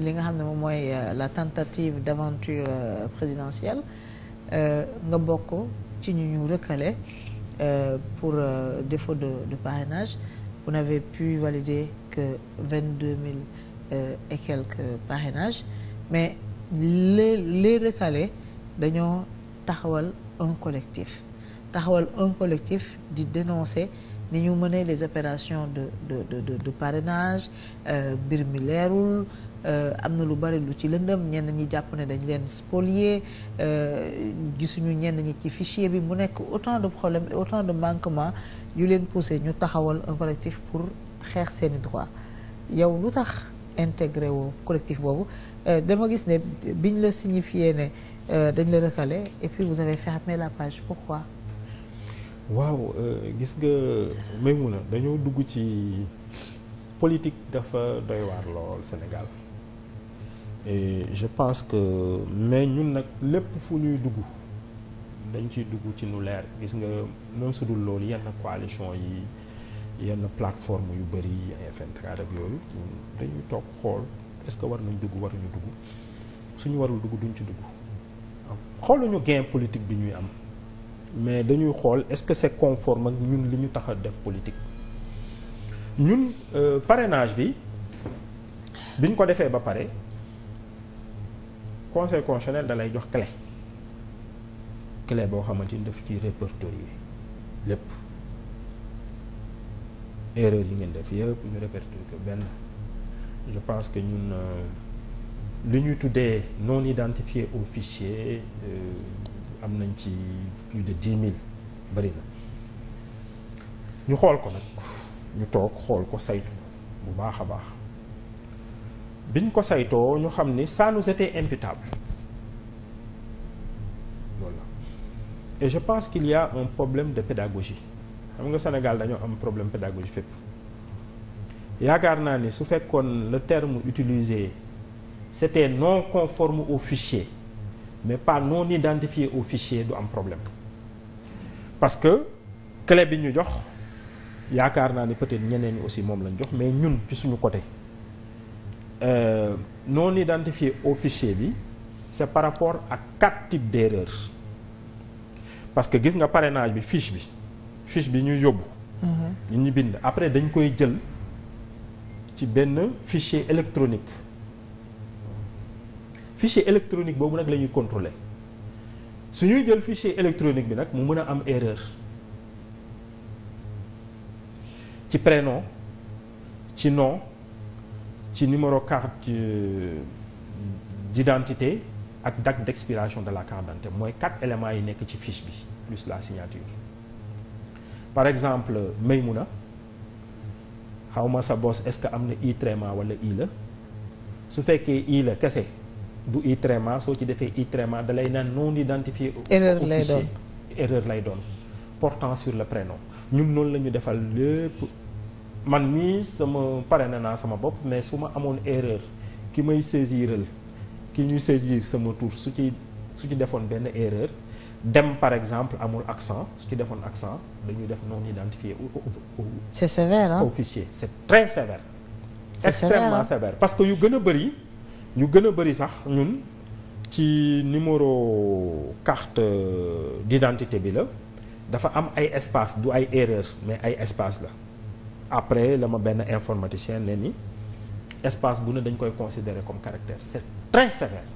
li nga xam ne moom mooy euh, la tentative d'aventure euh, présidentielle euh, nga bokk ci ñu ñu recalé pour défaut de de parrainage vous pu valider que vingt-deux mille et quelques parrainages mais les les recalés dañoo taxawal un collectif taxawal un collectif di dénoncer ni ñu mënee les opérations de de de de, de parrainage mbir mi leerul Euh, am na lu bari lu ci lëndëm ñenn ñi jàpp ne dañu leen spolier euh, gisuñu ñenn ñi ci fichier bi mu nekk autant de problèmes et autant de manquements yu leen poussé ñu taxawal un collectif pour xeex seeni droit yow lu tax intégré woo collectif boobu euh, dama gis ne biñ la signifié ne dañ la recalé et puis vous avez fermé la page pourquoi waaw gis nga Maimouna dañoo dugg ci politique dafa doy waar lool Sénégal et je pense que mais ñun nag lépp fu ñuy dugg dañ ciy dugg ci nu leer gis nga même su dul loolu yenn coalition yi yenn plateforme yu bëri ay FNTRAD ak yooyu dañuy toog xool est-ce que war nañ dugg waruñu dugg suñu warul dugg duñ ci dugg xooluñu gain politique bi ñuy am mais dañuy xool est-ce que c'est conforme ak ñun li ñu tax a def politique ñun euh, parrainage bi biñ ko defee ba pare conseil constitutionnel da lay jox clé clé boo xamante ni daf ci répertorier lépp erreur yi ngeen def yëpp ñu répertorier ko benn je pense que ñun euh, li ñuy tuddee non identifié au fichier euh, am nañ ci plus de dix mille bëri ñu xool ko nag ñu toog xool ko saytu bu baax a baax biñ ko saytoo ñu xam ni ça nous était imputable voilà et je pense qu'il y un problème de pédagogie xam nga Sénégal dañoo am problème pédagogie fépp yaakaar naa ni su fekkoon le terme utilisé c'était non conforme au fichier mais pas non identifié au fichier du am problème parce que clé bi ñu jox yaakaar naa ni peut-être ñeneen yi aussi moom lañ jox mais ñun ci suñu côté euh, non identifié au fichier bi c'est par rapport ak à quatre types d'erreurs parce que gis nga parrainage bi fiche bi fiche bi ñuy yóbbu ñu mhm. ñu bind après dañ koy jël ci benn fichier électronique fichier électronique boobu nag la ñuy contrôler su ñuy jël fichier électronique bi nag mu mën a am erreur ci prénom ci nom ci numéro carte euh, d'identité ak date d'expiration de la carte mooy quatre éléments yi nekk ci fiche bi plus la signature par exemple may Maymouna xawma sa bos est-ce que am na i traitement wala i la su fekkee i la kese du i traitement soo ci defee i traitement lay naan non identifié erreur lay doon lay doon portant sur le prénom ñun noonu la defal lépp man mii sama parrainé naa sama bopp mais su ma amoon erreur ki may saisiral ki ñuy saisir sama tout su ci su ci defoon benn erreur dem par exemple amul accent su ci defoon accent dañuy def non identifié c'est sévère hein au fichier c'est très sévère c'est extrêmement sévère, parce que yu gën a bëri ñu gën a bëri sax ñun ci numéro carte euh, d'identité bi la dafa am ay espace du ay erreur mais ay espace la après la ma benn informaticien ne ni espace bu ne dañ koy considérer comme caractère c'est très sévère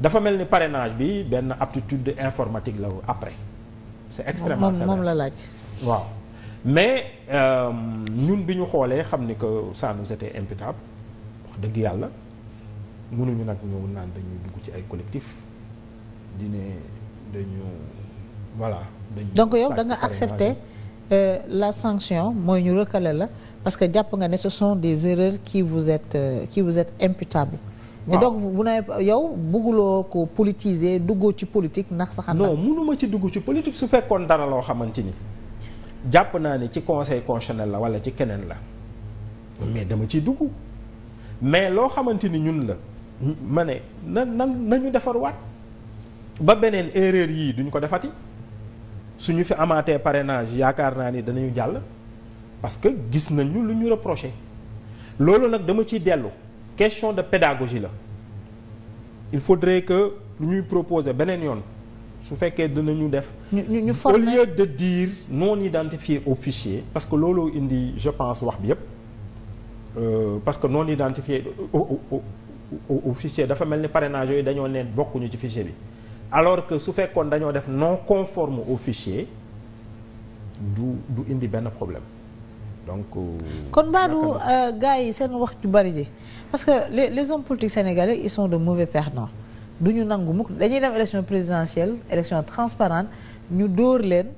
dafa mel ni parrainage bi benn aptitude informatique la après c'est extrêmement sévère moom la laaj waaw mais euh, ñun bi ñu xoolee xam ni que ça nous était imputable dëgg yàlla mënuñu nag ñëw naan dañuy dugg ci ay collectif di dañu voilà. dañu donc yow da nga Euh, la sanction mooy ñu recalé la parce que jàpp nga ne ce sont des erreurs qui vous êtes euh, qui vous êtes imputables et bu ne yow bugguloo ko politiser duggoo ci politique ndax sax. non mënuma ci dugg ci politique su fekkoon dara loo xamante ni jàpp naa ne ci conseil constitutionnel la wala ci keneen la mais dama ciy dugg mais loo xamante ni ñun la ma ne na na nañu defar waat ba beneen erreur yii duñ ko defati. su ñu fi amaatee parrainage yaakaar naa ni danañu jàll parce que gis nañu lu ñu reproché loolu nag dama ciy dellu question de pédagogie la il faudrait que lu ñuy proposer beneen yoon su fekkee dinañu def au lieu de dire non identifié au fichier parce que looloo indi je pense wax bi yépp euh, parce que non identifié au, au, dafa mel ni parenage yooyu dañoo neen bokkuñu ci fichier bi alors que su fekkoon dañoo def non conforme au fichier du du indi benn problème donc. Euh, kon baadu euh, gars yi seen wax ju bari ji parce que les les hommes politiques sénégalais ils de de mauvais perdants du ñu nangu mukk dañuy dem élection présidentielle élection transparente ñu dóor leen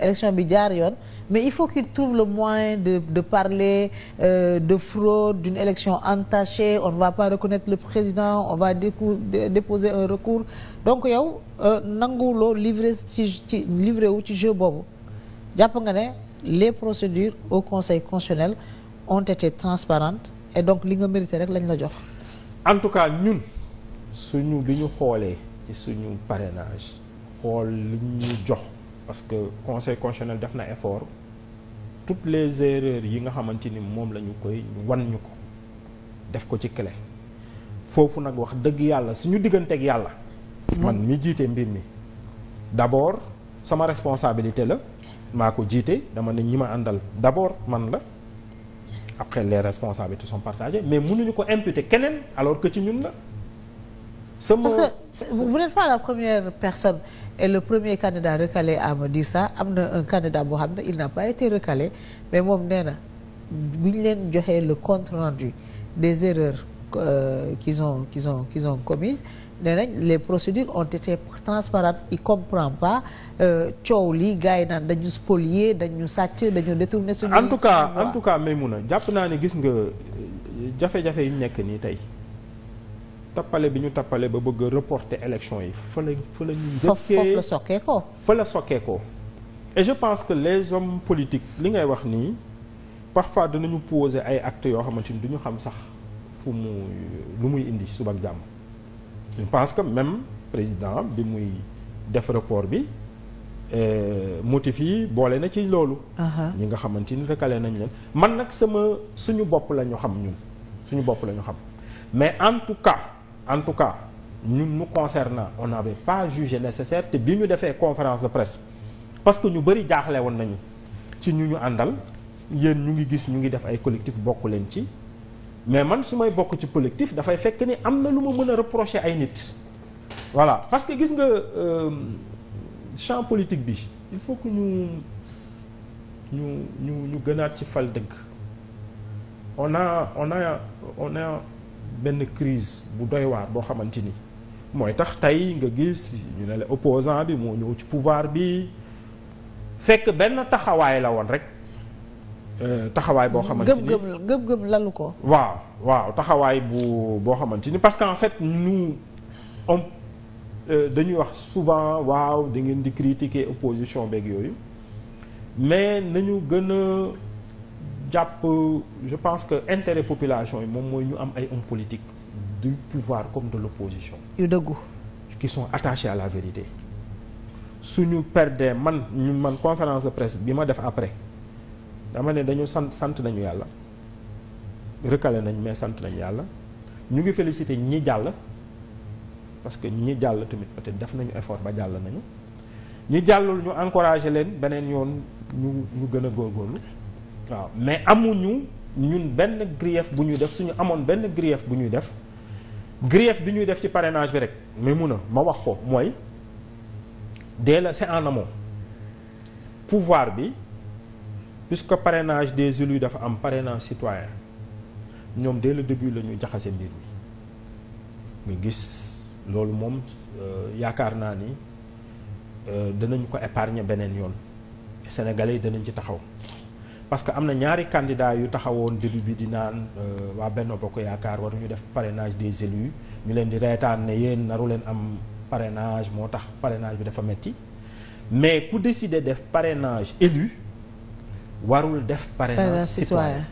élection bi jaar yoon. mais il faut qu'il trouve le moyen de de parler euh, de fraude d'une élection entachée on ne va pas reconnaître le président on va dépo déposer un recours donc yow euh, nanguwuloo livré ci ci livré wu ci jeu boobu jàpp nga ne les procédures au conseil constitutionnel ont été transparentes et donc li nga mérité rek lañ la jox. en tout cas ñun su ñu bi ñu xoolee ci suñu parenage xool li ñu jox parce que conseil constitutionnel def na effort. toutes les erreurs yi nga xamante ni moom la ñu koy wan ñu ko def ko ci clé foofu nag wax dëgg yàlla suñu digganteeg yàlla. man mi jiite mbir mi d'abord sama responsabilité la maa ko jiite dama ne ñi ma àndal d'abord man la après les responsabilités sont partagées mais ñu ko imputer keneen alors que ci ñun la. sama parce que vous n'êtes pas la première personne et le premier candidat recalé à me dire ça am na un candidat boo xam ne il n'a pas été recalé mais moom nee na bu ñu leen joxee le compte rendu des erreurs euh, qu'ils ont qu'ils ont qu'ils ont commises les procédures ont été transparentes il comprend pas euh, coow lii gars yi naan dañu spolier dañu sàcc dañu détourner suñu en tout cas en tout cas jàpp naa ne gis nga euh, jafe-jafe yu nekk nii tey tappale bi ñu tappale ba bëgg a reporter élection yi fa la fa la ñuy foofu la sokkee ko fa la sokkee ko et je pense que les hommes politiques li ngay wax nii parfois dinañu poser ay actes yoo xamante ni du ñu xam sax fu mu lu muy indi suba ak jàmm je pense que même président bi muy def rapport bi euh, motif yi boole na ci loolu ñi nga xamante ni recalé nañ leen man nag sama suñu bopp la ñu xam ñun suñu bopp lañu ñu xam mais en tout cas en tout cas ñun mu concernant on n'avait pas jugé nécessaire te bi ñu defee conférence de presse parce que ñu bëri jaaxle woon nañu ci ñu ñu àndal yéen ñu ngi gis ñu ngi def ay collectif bokk leen ci mais man su may bokk ci collectif dafay fekk ni am na lu ma mën a reprocher ay nit voilà parce que gis nga euh, champ politique bi il faut que ñu ñu ñu ñu gënaat ci fal dëgg on a on a on a benn crise bu doy waar boo xamante ni mooy tax tey nga gis ñu ne la opposant bi moo ñëw ci pouvoir bi fekk benn taxawaay la woon rek euh, taxawaay boo xamante ni gëm gëm ko waaw waaw taxawaay bu boo xamante ni parce que en fait nous on euh, dañuy wax souvent waaw da ngeen di critiquer opposition beeg yooyu mais nañu gën jàpp je pense que intérêt population yi moom mooy ñu am ay hommes politiques du pouvoir comme de l'opposition yu dëggu qui son attachés à la vérité suñu perdee man ñu man conférence de presse bi ma def après dama ne dañu sant sant nañu yàlla recalé nañ mais sant nañu yàlla ñu ngi féliciter ñi jàll parce que ñi jàll tamit peut-être def nañu effort ba jàll nañu ñi jàllul ñu encourager leen beneen yoon ñu gën a góorgóorlu waaw mais amuñu ñun benn grief bu ñuy def suñu amoon benn grief bu ñuy def grief bi ñuy def ci parrainage bi rek mais mun a ma wax ko mooy dès la c'est en amont pouvoir bi puisque parrainage des élus dafa am parrainage citoyen ñoom dès le début la ñu jaxase mbir mi mu gis loolu moom euh, yaakaar naa ni euh, danañ ko épargner beneen yoon sénégalais yi danañ ci taxaw parce que am na ñaari candidat yu taxawoon début bi di naan euh, waa Benno Bokk Yaakaar war waruñu def parrainage des élus ñu leen di reetaan ne yéen naru leen am parrainage moo tax parrainage bi dafa metti mais ku décider def parenage élu warul def parrainage citoyen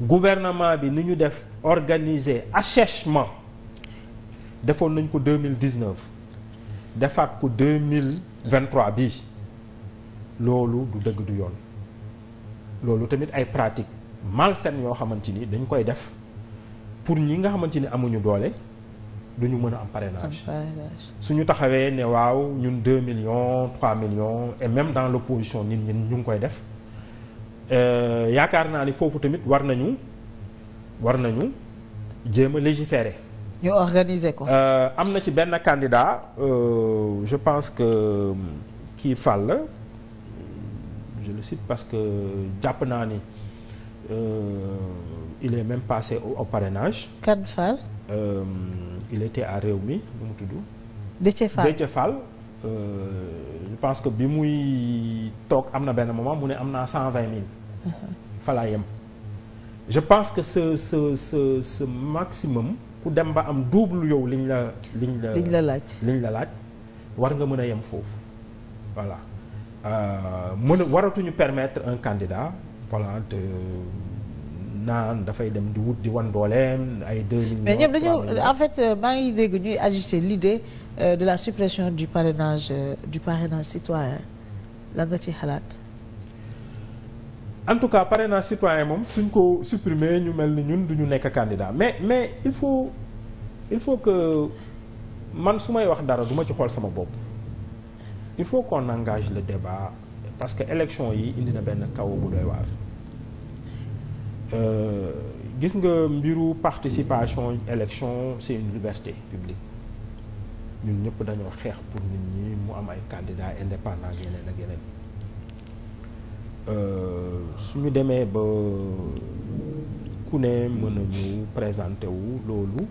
gouvernement bi ni ñu def organiser assèchement defoon nañ ko 2019 defaat ko 2023 bi loolu du dëgg du yoon loolu tamit ay pratique malsaine yoo xamante ni dañ koy def pour ñi nga xamante ni amuñu doole duñu mën a am parrainage suñu taxawee ne waaw ñun deux millions trois millions et même dans l'opposition nit ñi ñu ngi koy def euh, yaakaar naa ni foofu tamit war nañu war nañu jéem a légiférer ñu organiser ko euh, am na ci benn candidat euh, je pense que kii Fall je le cite parce que jàpp naa ni euh, il est même passé au, au parrainage. Kane Fall. e il était à Rewmi nu mu tudd. Déthié Fall Déthié Fall. Euh, je pense que bi muy toog am na benn moment mu ne am naa cent vingt mille. fa yem. je pense que ce ce ce ce maximum ku dem ba am double yow liñ la. liñ la laaj liñ la laaj war nga mën a yem foofu voilà. Euh, mën a waratuñu permettre un candidat voilà te naan dafay dem di wut di wan dooleem ay deux millions mais ñëpp dañoo en fait euh, maa ngi dégg ñuy agiter l'idée euh, de la suppression du parrainage du parrainage citoyen la nga ci xalaat en tout cas parrainage citoyen moom suñ ko supprimer ñu mel ni ñun duñu nekk candidat mais mais il faut il faut que man su may wax dara duma ci xool sama bopp il faut qu'on engage le débat parce que élection yi indi na benn kaw bu doy waar euh, gis nga mbiru participation élection c'est une liberté publique ñun ñëpp dañoo xeex pour nit ñi mu am ay candidats indépendants ak yeneen ak yeneen euh, suñu demee ba ku ne mën a ñu présenter wu loolu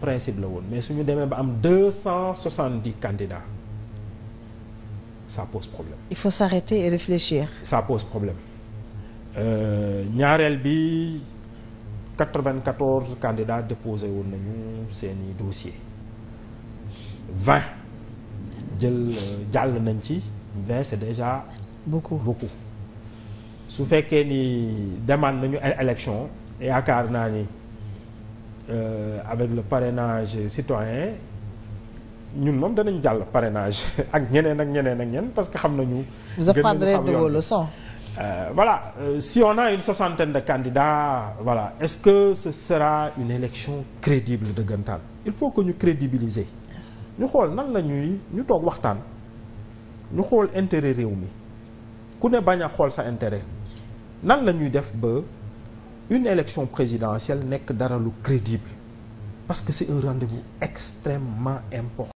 principe la woon mais su ñu demee ba am deux cent soixante-dix candidats ça pose problème. il faut s'arrêter et réfléchir. ça pose problème euh, ñaareel bi bi 94 candidats déposé woon nañu seeni dossier 20 jël euh, jàll nañ ci 20 c'est déjà. beaucoup beaucoup. su fekkee ni demande nañu élection yaakaar naa ni euh, avec le parrainage citoyen. ñun moom danañ jàll parrainage ak ñeneen ak ñeneen ak ñeneen parce que xam nañu. vous apprendrez de vos leçons. Euh, voilà euh, si on a une soixantaine de candidats voilà est-ce que ce sera une élection crédible dëggantaan il faut que ñu crédibiliser ñu xool nan la ñuy ñu toog waxtaan ñu xool intérêt réew mi ku ne bañ a xool sa intérêt nan la ñuy def ba une élection présidentielle nekk dara lu crédible parce que c'est un rendez-vous extrêmement important